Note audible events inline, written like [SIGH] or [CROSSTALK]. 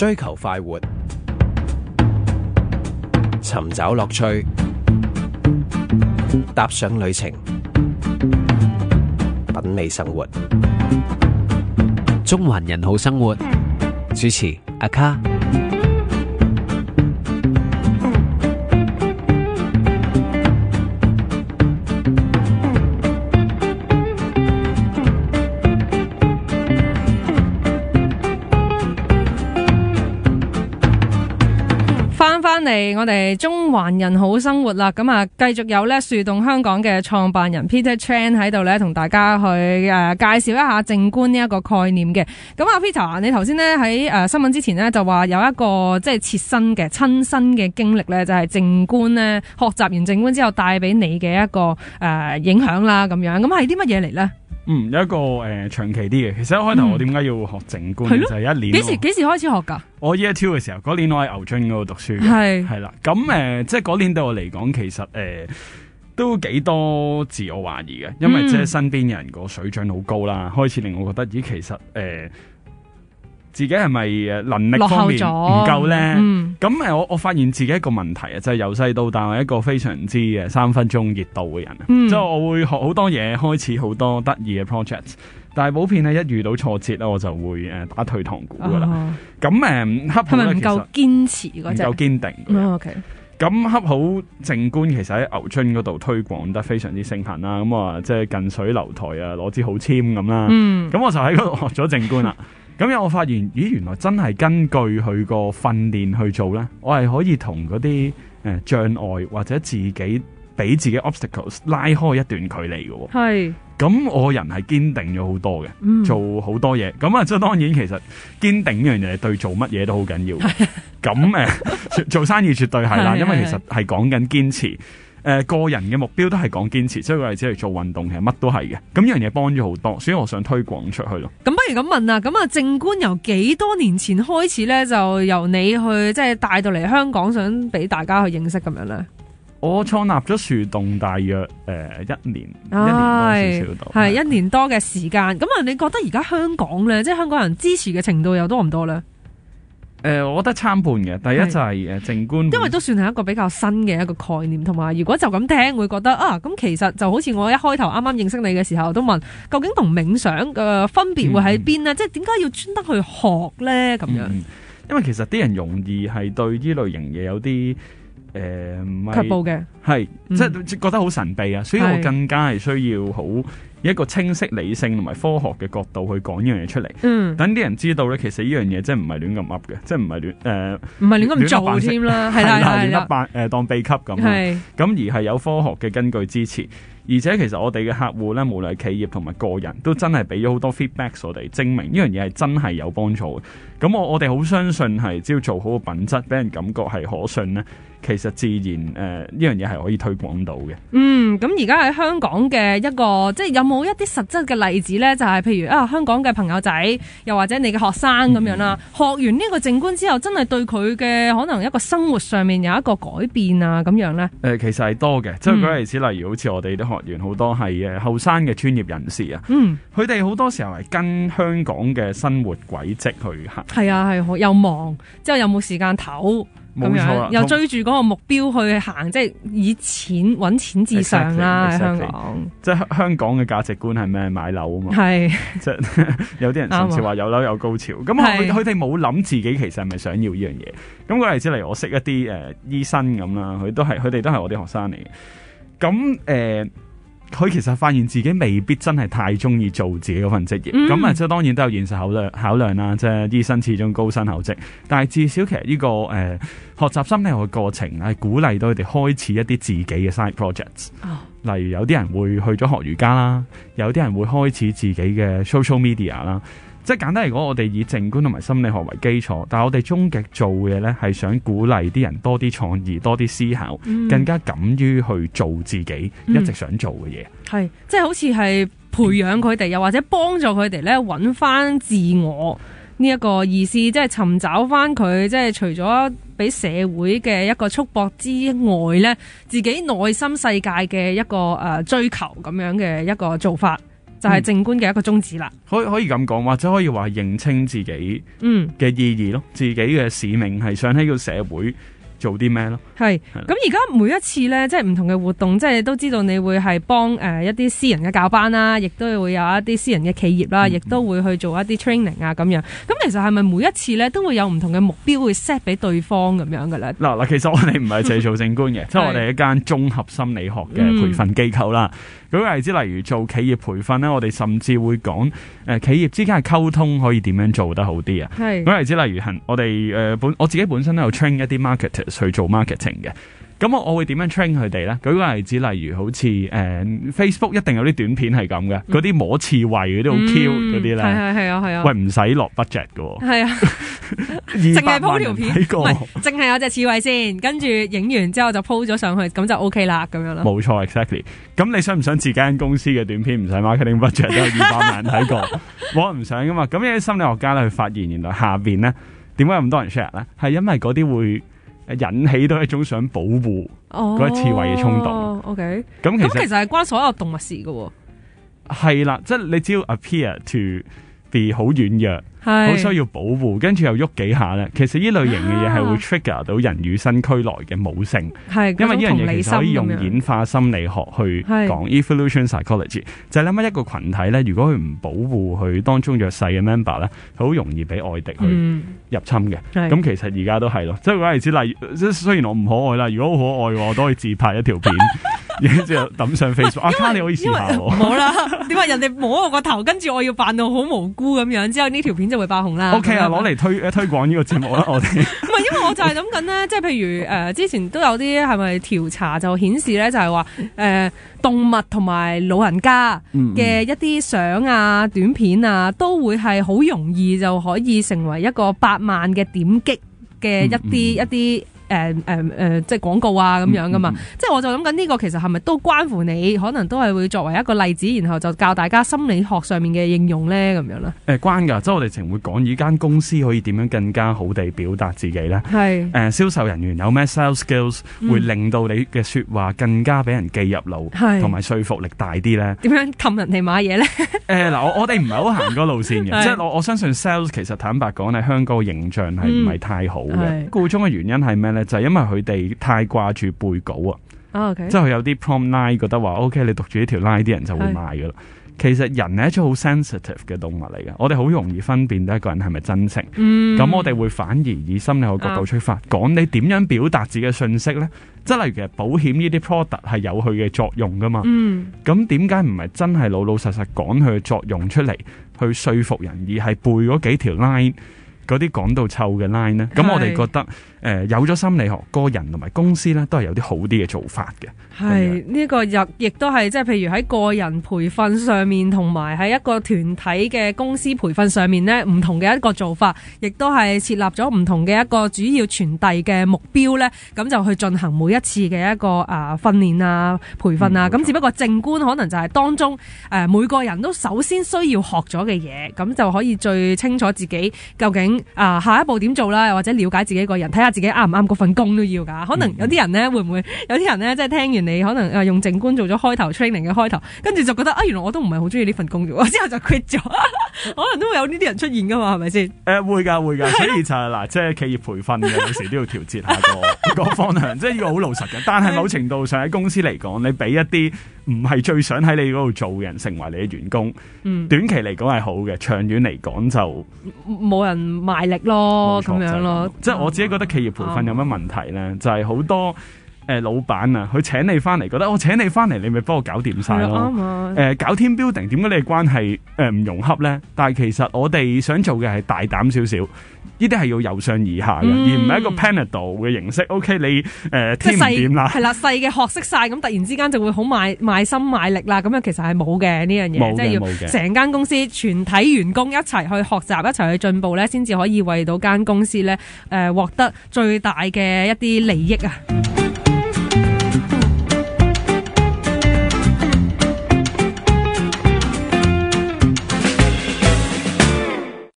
追求快活，尋找樂趣，踏上旅程，品味生活。中環人好生活，主持阿 Car。我哋中環人好生活啦，咁啊，繼續有咧，樹洞香港嘅創辦人 Peter Chan 喺度咧，同大家去誒介紹一下靜觀呢一個概念嘅。咁啊 Peter，你頭先咧喺誒新聞之前咧就話有一個即係切身嘅親身嘅經歷咧，就係靜觀咧，學習完靜觀之後帶俾你嘅一個誒影響啦咁樣。咁係啲乜嘢嚟咧？嗯，有一個誒、呃、長期啲嘅，其實一開頭我點解要學靜觀、嗯、就係一年。幾時幾時開始學噶？我 Year Two 嘅時候，嗰年我喺牛津嗰度讀書。係係啦，咁誒、呃，即係嗰年對我嚟講，其實誒、呃、都幾多自我懷疑嘅，因為即係身邊人個水準好高啦，嗯、開始令我覺得咦、呃，其實誒。呃自己係咪誒能力方面唔夠咧？咁誒，我、嗯、我發現自己一個問題啊，就係由細到大係一個非常之嘅三分鐘熱度嘅人啊。即、嗯、係我會學好多嘢，開始好多得意嘅 project，但係普遍咧一遇到挫折咧，我就會誒打退堂鼓噶啦。咁、哦、誒，係咪唔夠堅持嗰隻？唔夠堅定。O 咁恰好靜觀其實喺、那個嗯 okay、牛津嗰度推廣得非常之盛行啦。咁啊，即係近水樓台啊，攞支好簽咁啦。嗯。咁我就喺嗰度學咗靜觀啦。咁有我發現，咦，原來真係根據佢個訓練去做呢。我係可以同嗰啲誒障礙或者自己俾自己 obstacles 拉開一段距離嘅。係，咁我人係堅定咗好多嘅，嗯，做好多嘢。咁啊，即當然，其實堅定一樣嘢，對做乜嘢都好緊要。咁誒， [LAUGHS] 做生意絕對係啦，因為其實係講緊堅持。誒，個人嘅目標都係講堅持，所以我哋只係做運動嘅，其實乜都係嘅。咁呢樣嘢幫咗好多，所以我想推廣出去咯。咁不如咁問啊，咁啊，靜觀由幾多年前開始咧，就由你去即係帶到嚟香港，想俾大家去認識咁樣咧。我創立咗樹洞大約誒、呃、一年、哎，一年多少少係一年多嘅時間。咁啊，你覺得而家香港咧，即係香港人支持嘅程度又多唔多咧？誒、呃，我覺得參半嘅，第一就係誒靜觀，因為都算係一個比較新嘅一個概念，同埋如果就咁聽會覺得啊，咁其實就好似我一開頭啱啱認識你嘅時候，都問究竟同冥想嘅分別會喺邊呢？嗯、即係點解要專登去學咧？咁、嗯、樣，因為其實啲人容易係對呢類型嘢有啲誒，卻步嘅，係，即係覺得好神秘啊，所以我更加係需要好。一個清晰、理性同埋科學嘅角度去講呢樣嘢出嚟，等、嗯、啲人知道咧，其實呢樣嘢即係唔係亂咁 up 嘅，即係唔係亂誒，唔、呃、係亂咁做添啦，係啦係啦，亂咁扮、啊呃、當秘笈咁，咁而係有科學嘅根據支持。而且其實我哋嘅客戶咧，無論係企業同埋個人，都真係俾咗好多 feedback 我哋，證明呢樣嘢係真係有幫助嘅。咁我我哋好相信係只要做好嘅品質，俾人感覺係可信呢，其實自然呢樣嘢係可以推廣到嘅。嗯，咁而家喺香港嘅一個，即係有冇一啲實質嘅例子呢？就係、是、譬如啊，香港嘅朋友仔，又或者你嘅學生咁樣啦、嗯，學完呢個靜觀之後，真係對佢嘅可能一個生活上面有一個改變啊咁樣呢，呃、其實係多嘅、嗯，即係舉例子，例如好似我哋都員好多係誒後生嘅專業人士啊，嗯，佢哋好多時候係跟香港嘅生活軌跡去行，係啊係好又忙，之後又冇時間唞、啊，又追住嗰個目標去行，即、就、係、是、以錢搵錢至上啦。Exactly, 香港 exactly, 即係香港嘅價值觀係咩？買樓啊嘛，係即係 [LAUGHS] [LAUGHS] 有啲人甚至話有樓有高潮，咁佢哋冇諗自己其實係咪想要呢樣嘢？咁、嗰個例子嚟，我識一啲誒、呃、醫生咁啦，佢都係佢哋都係我啲學生嚟嘅，咁誒。呃佢其實發現自己未必真係太中意做自己嗰份職業，咁啊，即係當然都有現實考量考量啦。即係醫生始終高薪厚職，但係至少其實呢、這個誒、呃、學習心理學嘅過程，係鼓勵到佢哋開始一啲自己嘅 side projects、oh。例如有啲人會去咗學瑜伽啦，有啲人會開始自己嘅 social media 啦。即係簡單嚟講，我哋以靜觀同埋心理學為基礎，但係我哋終極做嘢呢，係想鼓勵啲人多啲創意，多啲思考，更加敢於去做自己一直想做嘅嘢。係、嗯，即係好似係培養佢哋，又或者幫助佢哋揾翻自我呢一個意思，即係尋找翻佢，即係除咗俾社會嘅一個束縛之外呢，自己內心世界嘅一個誒追求咁樣嘅一個做法。就係、是、正官嘅一個宗旨啦、嗯，可以可以咁講，或者可以話認清自己嘅意義咯，嗯、自己嘅使命係想喺個社會。做啲咩咯？係咁，而家每一次咧，即係唔同嘅活動，即係都知道你會係幫誒一啲私人嘅教班啦，亦都會有一啲私人嘅企業啦，亦、嗯嗯、都會去做一啲 training 啊咁樣。咁其實係咪每一次咧都會有唔同嘅目標會 set 俾對方咁樣嘅咧？嗱嗱，其實我哋唔係淨係做政官嘅，即 [LAUGHS] 係我哋一間綜合心理學嘅培訓機構啦。舉個例子，例如做企業培訓咧，我哋甚至會講誒、呃、企業之間嘅溝通可以點樣做得好啲啊？係舉個例子，例如我哋誒本我自己本身都有 train 一啲 market。去做 marketing 嘅，咁我我會點樣 train 佢哋咧？舉個例子，例如好似誒、嗯、Facebook 一定有啲短片係咁嘅，嗰啲摸刺猬嗰啲好 Q 嗰啲咧，係係係啊係啊，喂唔使落 budget 嘅，係啊，二 [LAUGHS] 百萬睇過，淨 [LAUGHS] 係有隻刺猬先，跟住影完之後就 po 咗上去，咁就 OK 啦，咁樣咯，冇錯，exactly。咁你想唔想自己間公司嘅短片唔使 marketing budget 都有二百萬睇過？冇人唔想噶嘛。咁有啲心理學家咧去發現，原來下邊咧點解咁多人 share 咧，係因為嗰啲會。引起到一種想保護嗰刺蝟嘅衝動。Oh, OK，咁其實係關所有動物事嘅喎。係啦，即係你只要 appear to be 好軟弱。好需要保護，跟住又喐幾下咧。其實呢類型嘅嘢係會 trigger 到人與生俱來嘅母性，啊、因為呢樣嘢其實可以用演化心理學去講 evolution psychology，就諗、是、翻一個群體咧，如果佢唔保護佢當中弱勢嘅 member 咧，好容易俾外敵去入侵嘅。咁、嗯、其實而家都係咯，即係嗰陣時例如，雖然我唔可愛啦，如果好可愛我都可以自拍一條片。 [LAUGHS] 然之後抌上 Facebook，阿卡、啊、你可以試下我？冇啦，點 [LAUGHS] 解人哋摸我個頭，跟住我要扮到好無辜咁樣，之後呢條片就會爆紅啦。O K 啊，攞嚟推推廣呢個節目啦，我哋。唔係，因為我就係諗緊呢，即係譬如誒、呃，之前都有啲係咪調查就顯示咧，就係話誒，動物同埋老人家嘅一啲相啊、短片啊，都會係好容易就可以成為一個八萬嘅點擊嘅一啲、嗯嗯、一啲。誒誒誒，即係廣告啊咁樣噶嘛，嗯、即係我就諗緊呢個其實係咪都關乎你，可能都係會作為一個例子，然後就教大家心理學上面嘅應用咧咁樣啦、呃。誒關㗎，即係我哋情會講呢間公司可以點樣更加好地表達自己咧。係誒、呃、銷售人員有咩 sales skills 會令到你嘅説話更加俾人記入腦，同、嗯、埋說服力大啲咧。點樣氹人哋買嘢咧？誒、呃、嗱，我哋唔係好行個路線嘅， [LAUGHS] 即係我我相信 sales 其實坦白講喺香港形象係唔係太好嘅。固、嗯、中嘅原因係咩咧？就係、因為佢哋太掛住背稿啊，oh, okay. 即係有啲 prompt line 覺得話，OK，你讀住呢條 line，啲人就會買噶啦。其實人係一種好 sensitive 嘅動物嚟嘅，我哋好容易分辨得一個人係咪真誠。咁、嗯、我哋會反而以心理學角度出發，講、啊、你點樣表達自己嘅信息呢？即係例如其實保險呢啲 product 係有佢嘅作用噶嘛。咁點解唔係真係老老實實講佢嘅作用出嚟，去說服人，而係背嗰幾條 line，嗰啲講到臭嘅 line 呢？咁我哋覺得。誒、呃，有咗心理學，個人同埋公司呢都係有啲好啲嘅做法嘅。係呢、就是這個亦也都係即係，譬如喺個人培訓上面，同埋喺一個團體嘅公司培訓上面咧，唔同嘅一個做法，亦都係設立咗唔同嘅一個主要傳遞嘅目標呢，咁就去進行每一次嘅一個啊、呃、訓練啊培訓啊。咁、嗯、只不過正觀可能就係當中誒、呃，每個人都首先需要學咗嘅嘢，咁就可以最清楚自己究竟啊、呃、下一步點做啦，或者了解自己個人睇下，看看自己啱唔啱嗰份工都要噶，可能有啲人咧會唔會？嗯、有啲人咧即係聽完你可能誒用靜觀做咗開頭 training 嘅開頭，跟住就覺得啊，原來我都唔係好中意呢份工嘅，我之後就 quit 咗。 [LAUGHS] [LAUGHS] 可能都會有呢啲人出現噶嘛，係咪先？誒、呃，會噶會噶，所以就嗱、是，即係、就是、企業培訓嘅，有 [LAUGHS] 時都要調節下、那個 [LAUGHS] 個方向，即係呢個好老實嘅。但係某程度上喺公司嚟講，你俾一啲唔係最想喺你嗰度做嘅人，成為你嘅員工，嗯、短期嚟講係好嘅，長遠嚟講就冇、嗯、人賣力咯，咁樣咯。即係、就是、我自己覺得企業培訓有乜問題咧、嗯，就係、是、好多。誒、呃，老闆啊，佢請你翻嚟，覺得我、哦、請你翻嚟，你咪幫我搞掂晒咯。誒、呃，搞 team building，點解你哋關係誒唔融洽咧？但係其實我哋想做嘅係大膽少少，呢啲係要由上而下嘅、嗯，而唔係一個 panel 嘅形式。OK，你誒添點啦，係啦，細嘅學識晒，咁突然之間就會好賣賣心賣力啦。咁樣，其實係冇嘅呢樣嘢，即係、就是，要成間公司全體員工一齊去學習，一齊去進步咧，先至可以為到間公司咧誒獲得最大嘅一啲利益啊。